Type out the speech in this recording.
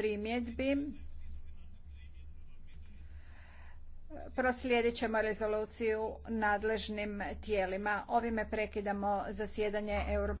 primjedbi. Proslijedit ćemo rezoluciju nadležnim tijelima. Ovime prekidamo zasjedanje Europske